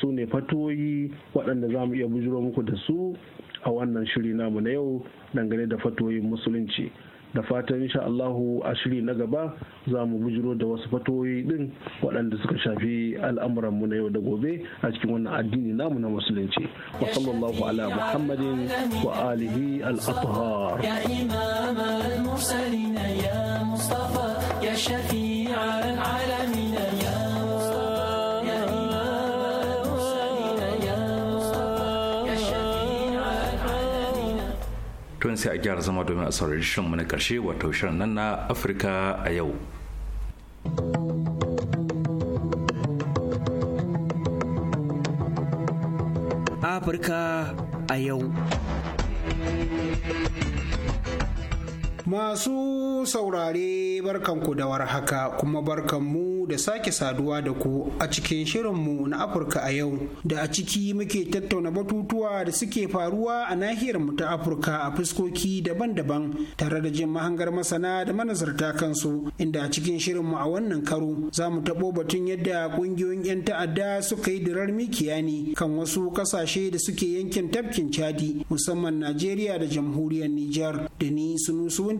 su ne fatoyi waɗanda za mu iya bujiro muku da su a wannan shiri namu na yau dangane da fatoyin musulunci da fatan insha Allahu a shiri na gaba za mu bujiro da wasu fatoyi din waɗanda suka shafi al'amuran mu na yau da gobe a cikin wannan addini namu na musulunci wa sallallahu ala muhammadin wa alihi al-athhar ya imam al-mursalin ya mustafa ya shafi'a al-alamin tun sai a gyara zama domin a saurari shirinmu na karshe wato shirin nan na afirka a yau afirka a yau Masu saurare barkanku da warhaka kuma barkanmu da sake saduwa da ku a cikin shirinmu na Afirka a yau da a ciki muke tattauna batutuwa da suke faruwa a nahiyar mu ta Afirka a fuskoki daban-daban tare da jin mahangar masana da manazarta kansu inda a cikin shirinmu a wannan karo za mu taɓo batun yadda ƙungiyoyin 'yan ta'adda suka yi durar mikiya ne kan wasu ƙasashe da suke yankin tafkin Chadi musamman Najeriya da jamhuriyar Nijar da ni Sunusu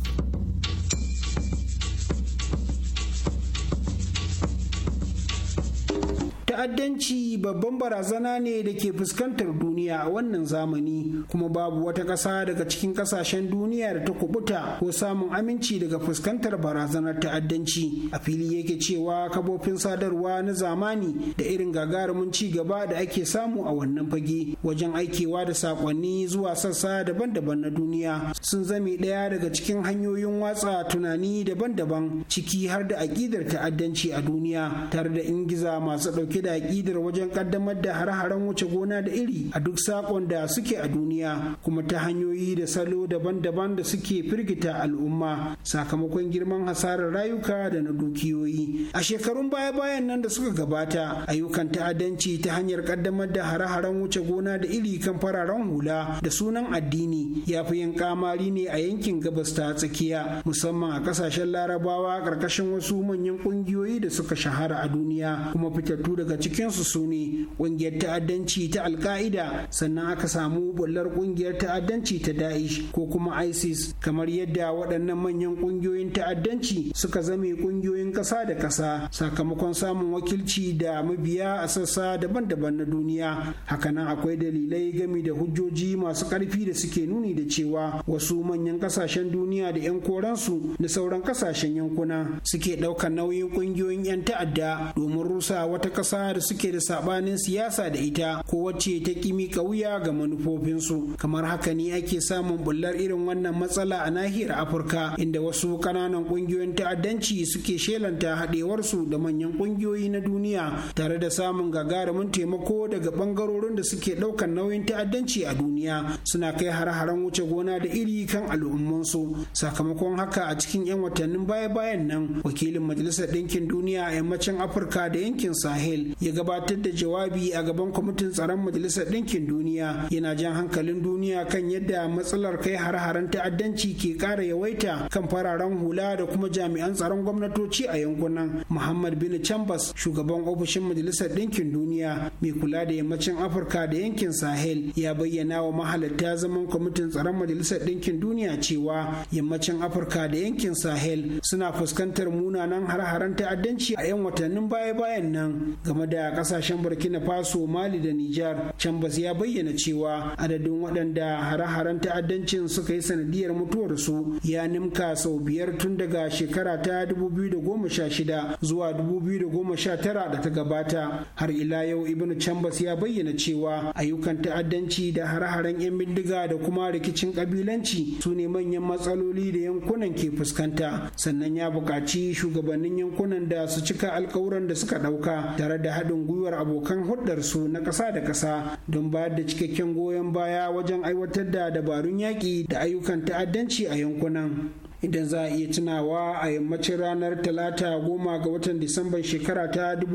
ta'addanci babban barazana ne da ke fuskantar duniya a wannan zamani kuma babu wata ƙasa daga cikin ƙasashen duniya da ta kubuta ko samun aminci daga fuskantar barazanar ta'addanci a fili yake cewa kafofin sadarwa na zamani da irin gagarumin ci gaba da ake samu a wannan fage wajen aikewa da saƙonni zuwa sassa daban-daban na duniya sun zame ɗaya daga cikin hanyoyin watsa tunani daban-daban ciki har da aƙidar ta'addanci a duniya tare da ingiza masu ɗauke da aƙidar wajen ƙaddamar da har-haren wuce gona da iri a duk sakon da suke a duniya kuma ta hanyoyi da salo daban-daban da suke firgita al'umma sakamakon girman hasarar rayuka da na dukiyoyi a shekarun baya-bayan nan da suka gabata ayyukan ta'addanci ta hanyar ƙaddamar da har-haren wuce gona da iri kan fararen hula da sunan addini ya fi yin kamari ne a yankin gabas ta tsakiya musamman a ƙasashen larabawa ƙarƙashin wasu manyan ƙungiyoyi da suka shahara a duniya kuma fitattu daga daga cikinsu su ne ƙungiyar ta'addanci ta alka'ida sannan aka samu bullar ƙungiyar ta'addanci ta da'ish ko kuma isis kamar yadda waɗannan manyan ƙungiyoyin ta'addanci suka zame ƙungiyoyin ƙasa da ƙasa sakamakon samun wakilci da mabiya a sassa daban-daban na duniya hakanan akwai dalilai game da hujjoji masu ƙarfi da suke nuni da cewa wasu manyan ƙasashen duniya da 'yan koransu da sauran ƙasashen yankuna suke ɗaukar nauyin ƙungiyoyin 'yan ta'adda domin rusa wata ƙasa ƙasa da suke da sabanin siyasa da ita ko wacce ta kimi wuya ga manufofinsu kamar haka ne ake samun bullar irin wannan matsala a nahiyar afirka inda wasu ƙananan ƙungiyoyin ta'addanci suke shelanta haɗewarsu da manyan ƙungiyoyi na duniya tare da samun gagarumin taimako daga ɓangarorin da suke ɗaukar nauyin ta'addanci a duniya suna kai har-haren wuce gona da iri kan al'ummansu sakamakon haka a cikin 'yan watannin baya-bayan nan wakilin majalisar ɗinkin duniya a yammacin afirka da yankin sahel ya gabatar da jawabi a gaban kwamitin tsaron majalisar ɗinkin duniya yana jan hankalin duniya kan yadda matsalar kai har-haren ta'addanci ke ƙara yawaita kan fararen hula da kuma jami'an tsaron gwamnatoci a yankunan muhammad bin chambers shugaban ofishin majalisar ɗinkin duniya mai kula da yammacin afirka da yankin sahel ya bayyana wa mahalarta zaman kwamitin tsaron majalisar ɗinkin duniya cewa yammacin afirka da yankin sahel suna fuskantar munanan har-haren ta'addanci a 'yan watannin baya-bayan nan game kuma da kasashen burkina faso mali da nijar chambers ya bayyana cewa adadin waɗanda hare-haren ta'addancin suka yi sanadiyar mutuwarsu ya nimka sau biyar tun daga shekara ta 2016 zuwa 2019 da ta gabata har ila yau ibn chambers ya bayyana cewa ayyukan ta'addanci da hare-haren 'yan bindiga da kuma rikicin kabilanci su ne manyan matsaloli da yankunan ke fuskanta sannan ya buƙaci shugabannin yankunan da su cika alkawuran da suka ɗauka tare da da haɗin gwiwar abokan hulɗarsu na ƙasa da ƙasa don bayar da cikakken goyon baya wajen aiwatar da dabarun yaƙi da ayyukan ta'addanci a yankunan idan za a iya tunawa a yammacin ranar talata goma ga watan disamban shekara ta da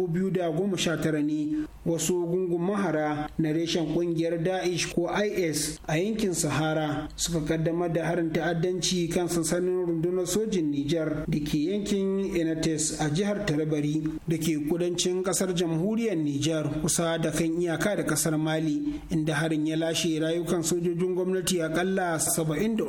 goma tara ne wasu gungun mahara na reshen kungiyar daesh ko is a yankin sahara suka kaddamar da harin ta'addanci kan sansanin rundunar sojin nijar da ke yankin enates a jihar talabari da ke kudancin kasar jamhuriyar nijar kusa da kan iyaka da kasar mali inda harin ya lashe rayukan sojojin gwamnati akalla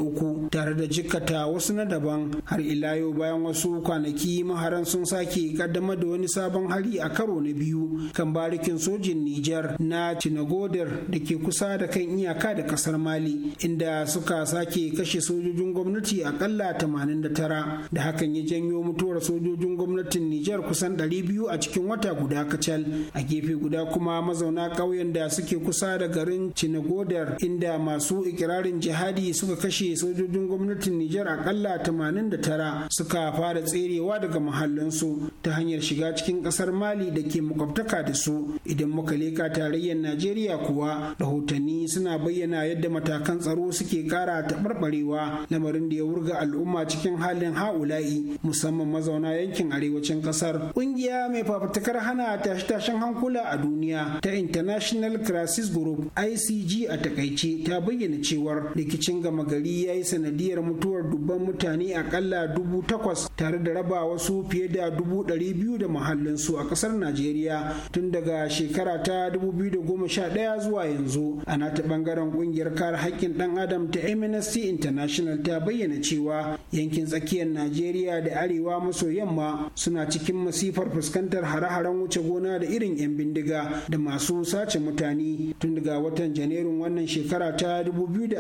uku tare da jikkata wasu na daban har ila yau bayan wasu kwanaki maharan sun sake kaddama da wani sabon hari a karo na biyu kan barikin sojin Nijar na Tinagoder da ke kusa da kan iyaka da kasar Mali inda suka sake kashe sojojin gwamnati akalla 89 da hakan ya janyo mutuwar sojojin gwamnatin Nijar kusan 200 a cikin wata guda kacal a gefe guda kuma mazauna ƙauyen da suke kusa da garin Tinagodar inda masu ikirarin jihadi suka kashe sojojin gwamnatin Nijar akalla 1989 tara suka fara tserewa daga mahallinsu ta hanyar shiga cikin kasar mali da ke makwabtaka da su idan muka leka tarayyar najeriya kuwa rahotanni suna bayyana yadda matakan tsaro suke kara taɓarɓarewa lamarin da ya wurga al'umma cikin halin ha'ula'i musamman mazauna yankin arewacin kasar ƙungiya mai fafatakar hana tashe-tashen hankula a duniya ta international crisis group icg a takaice ta bayyana cewar rikicin gama gari ya yi sanadiyar mutuwar dubban mutane mutane akalla dubu takwas tare da raba wasu fiye da dubu ɗari biyu da muhallinsu a ƙasar najeriya tun daga shekara ta dubu biyu da goma sha ɗaya zuwa yanzu a nata ɓangaren ƙungiyar kare haƙƙin ɗan adam ta amnesty international ta bayyana cewa yankin tsakiyar najeriya da arewa maso yamma suna cikin masifar fuskantar hare-haren wuce gona da irin 'yan bindiga da masu sace mutane tun daga watan janairun wannan shekara ta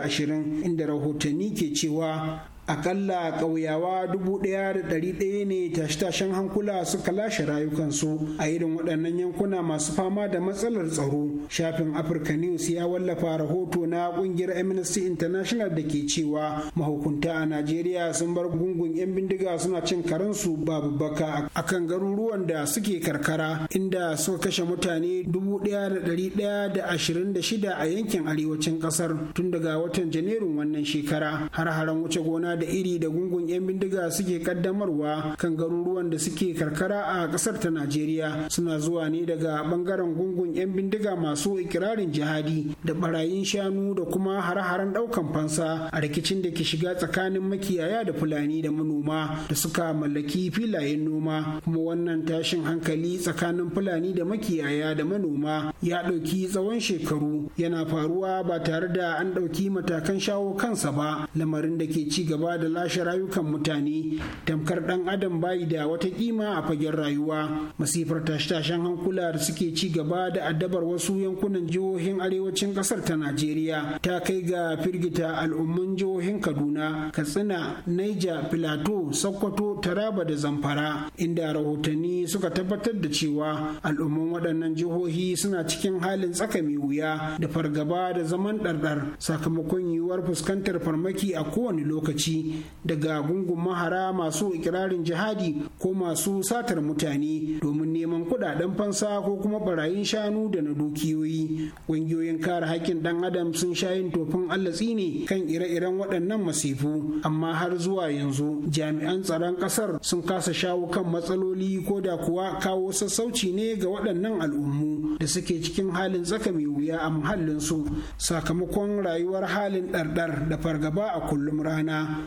ashirin inda rahotanni ke cewa akalla ƙauyawa dubu ɗaya da ɗari ɗaya ne tashe-tashen hankula suka lashe rayukansu a irin waɗannan yankuna masu fama da matsalar tsaro shafin africa news ya wallafa rahoto na ƙungiyar amnesty international da ke cewa mahukunta a najeriya sun bar gungun 'yan bindiga suna cin karensu babu baka a kan garuruwan da suke karkara inda suka kashe mutane dubu ɗaya da ɗari ɗaya da ashirin da shida a yankin arewacin ƙasar tun daga watan janairun wannan shekara har-haren wuce gona da iri da gungun 'yan bindiga suke kaddamarwa kan garuruwan da suke karkara a ƙasar ta najeriya suna zuwa ne daga ɓangaren gungun 'yan bindiga masu ikirarin jihadi da barayin shanu da kuma hare-haren daukan fansa a rikicin da ke shiga tsakanin makiyaya da fulani da manoma da suka mallaki filayen noma kuma wannan tashin hankali tsakanin fulani da makiyaya da manoma ya ɗauki tsawon shekaru yana faruwa ba tare da an ɗauki matakan shawo kansa ba lamarin da ke ci gaba kashewa da lashe rayukan mutane tamkar dan adam bayi da wata kima a fagen rayuwa masifar tashe hankula da suke ci gaba da addabar wasu yankunan jihohin arewacin kasar ta najeriya ta kai ga firgita al'umman jihohin kaduna katsina naija filato sokoto taraba da zamfara inda rahotanni suka tabbatar da cewa al'umman waɗannan jihohi suna cikin halin tsaka mai wuya da fargaba da zaman ɗarɗar sakamakon yiwuwar fuskantar farmaki a kowane lokaci daga gungun mahara masu ikirarin jihadi ko masu satar mutane domin neman kudaden fansa ko kuma barayin shanu da na dukiyoyi ƙungiyoyin kare haƙƙin ɗan adam sun sha yin tofin allatsi ne kan ire-iren waɗannan masifu amma har zuwa yanzu jami'an tsaron ƙasar sun kasa shawo kan matsaloli ko da kuwa kawo sassauci ne ga waɗannan al'ummu da suke cikin halin tsaka mai wuya a muhallinsu sakamakon rayuwar halin ɗarɗar da fargaba a kullum rana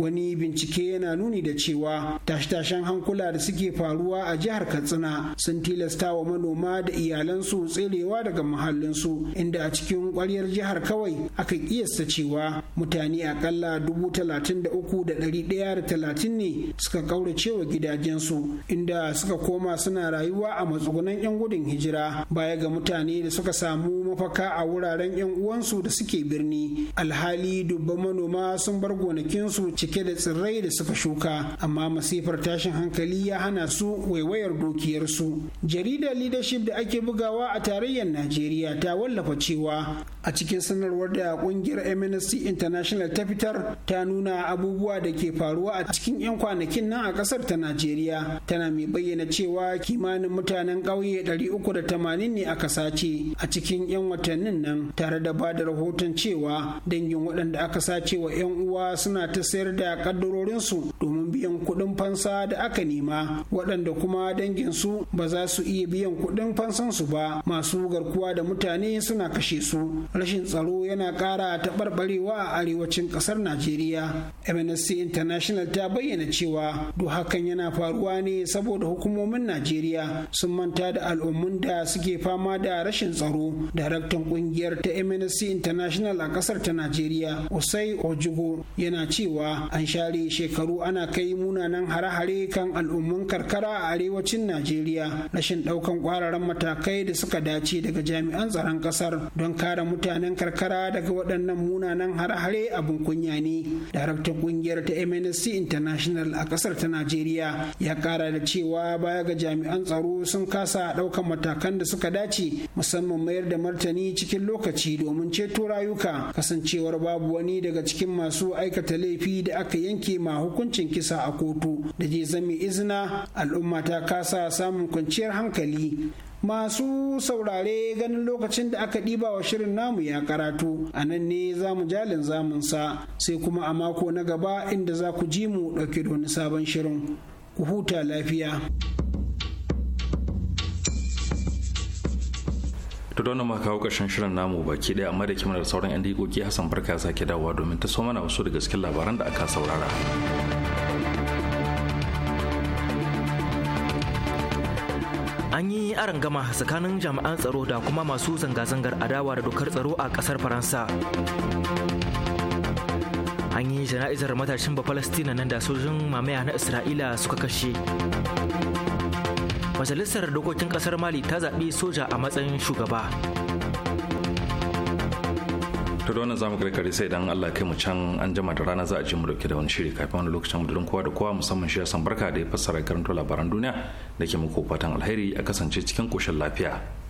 wani bincike yana nuni da cewa tashe-tashen hankula da suke faruwa a jihar katsina sun tilasta wa manoma da iyalansu tserewa daga muhallinsu inda a cikin kwaryar jihar kawai aka kiyasta cewa mutane akalla dubu talatin da uku da ɗari ɗaya da talatin ne suka kaurace wa gidajensu inda suka koma suna rayuwa a matsugunan 'yan gudun hijira baya ga mutane da suka samu mafaka a wuraren 'yan uwansu da suke birni alhali dubban manoma sun bar gonakinsu cikin cike da tsirrai da suka shuka amma masifar tashin hankali ya hana su waiwayar dukiyarsu jaridar leadership da ake bugawa a tarayyar najeriya ta wallafa cewa a cikin sanarwar da kungiyar mnsc international ta fitar ta nuna abubuwa da ke faruwa a cikin 'yan kwanakin nan a kasar ta najeriya tana mai bayyana cewa kimanin mutanen ƙauye 380 ne aka sace a cikin 'yan watannin nan tare da ba da rahoton cewa dangin waɗanda aka sace wa 'yan uwa suna ta sayar da kaddarorinsu domin biyan kuɗin fansa da aka nema waɗanda kuma danginsu ba za su iya biyan kuɗin fansansu ba masu garkuwa da mutane suna kashe su rashin tsaro yana ƙara taɓarɓarewa a arewacin ƙasar najeriya amnesty international ta bayyana cewa duk hakan yana faruwa ne saboda hukumomin najeriya sun manta da al'ummun da suke fama da rashin tsaro daraktan ƙungiyar ta amnesty international a ƙasar ta najeriya usai ojugo yana cewa an share shekaru ana kai munanan hare-hare kan al'umman karkara a arewacin najeriya rashin ɗaukan kwararan matakai da suka dace daga jami'an tsaron ƙasar don kare mutanen karkara daga waɗannan munanan hare-hare abin kunya ne daraktan ƙungiyar ta mnsc international a ƙasar ta najeriya ya kara da cewa baya ga jami'an tsaro sun kasa ɗaukan matakan da suka dace musamman mayar da martani cikin lokaci domin ceto rayuka kasancewar babu wani daga cikin masu aikata laifi da da aka yanke ma hukuncin kisa a kotu da je zame izina al'umma ta kasa samun kwanciyar hankali masu saurare ganin lokacin da aka ɗiba wa shirin namu ya karatu a nan ne za mu jalin zamunsa sai kuma a mako na gaba inda za ku ji mu ɗauke da wani sabon shirin ku huta lafiya. to don ma kawo ƙarshen shirin namu baki ɗaya amma da da sauran yan dikoki hassan barka sake dawowa domin ta so mana wasu da gaske labaran da aka saurara an yi arangama tsakanin jami'an tsaro da kuma masu zanga-zangar adawa da dokar tsaro a kasar faransa an yi jana'izar matashin ba falastina nan da sojin mamaya na isra'ila suka kashe majalisar dokokin kasar mali ta zaɓi soja a matsayin shugaba ta da wannan zamu kare sai idan Allah kai mu can an jima da rana za a ji mu dauke da wani shiri kafin wani lokacin mu kowa da kowa musamman shi san barka da ya fassara karanto labaran duniya da ke muku fatan alheri a kasance cikin koshin lafiya